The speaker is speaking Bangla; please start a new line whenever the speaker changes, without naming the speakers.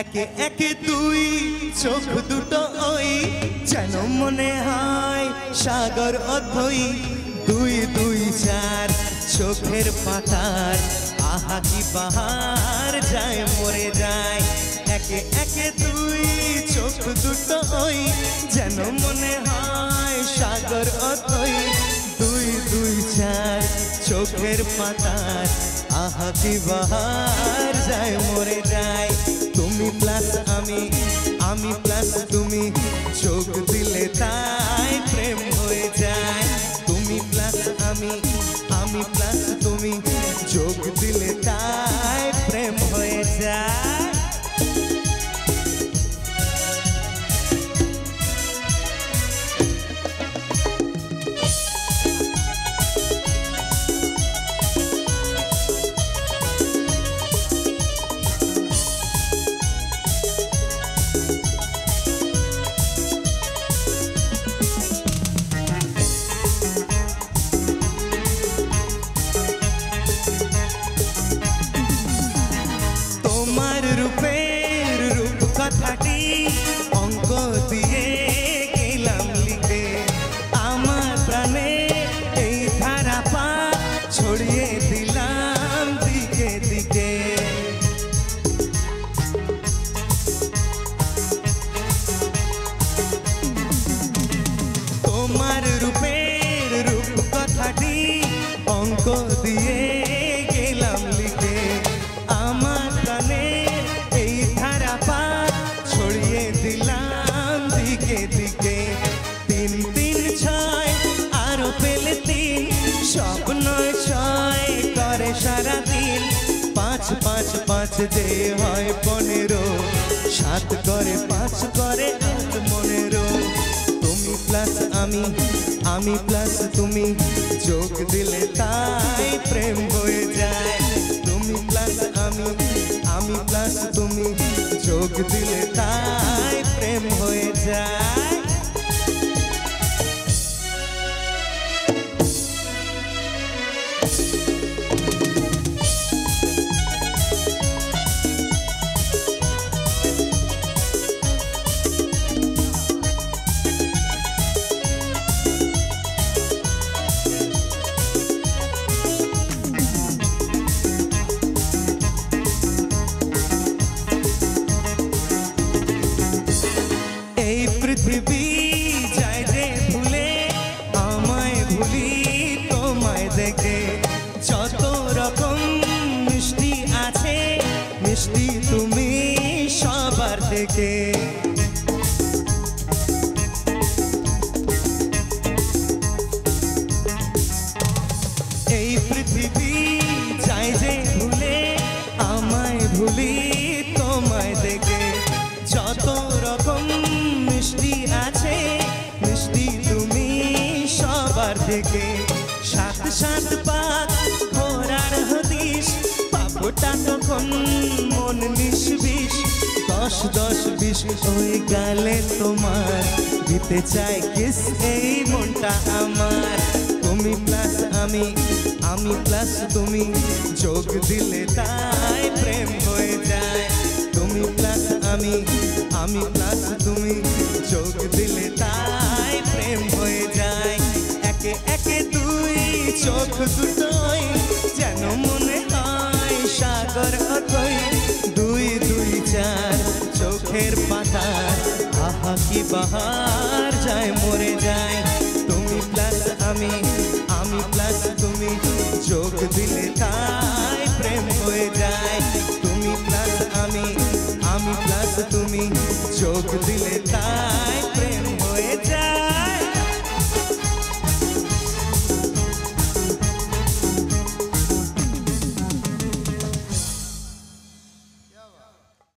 একে একে তুই চোখ দুটো ওই যেন মনে হয় সাগর অধই দুই দুই চার চোখের পাতার আহা কি বাহার যায় মরে যায় একে একে তুই চোখ দুটো ওই যেন মনে হয় সাগর অতই দুই দুই চার চোখের পাতার আহা কি বাহার যায় মরে যায় তুমি প্লাস আমি আমি প্লাস তুমি কথাটি অঙ্ক দিয়ে গেলাম লিখে আমার প্রাণে এই ধারাপা ছড়িয়ে দিলাম পাঁচ দে হয় পনেরো সাত করে পাঁচ করে আট মনেরো তুমি প্লাস আমি আমি প্লাস তুমি চোখ দিলে তাই প্রেম হয়ে যায় তুমি প্লাস আমি আমি প্লাস তুমি চোখ দিলে তাই আছে মিষ্টি তুমি সবার থেকে এই পৃথিবী চাই যে ভুলে আমায় ভুলি তোমায় দেখে যত রকম মিষ্টি আছে মিষ্টি তুমি সবার থেকে সাত সাত পাত ঠোঁটা তখন মন নিষ্বিষ দশ দশ বিষ ওই গালে তোমার দিতে চাই কিস এই মনটা আমার তুমি প্লাস আমি আমি প্লাস তুমি যোগ দিলে তাই প্রেম হয়ে যায় তুমি প্লাস আমি আমি প্লাস তুমি যোগ দিলে তাই প্রেম হয়ে যায় একে একে দুই চোখ দুটো চোখের পাতা আহা কি বাহার যায় মরে যায়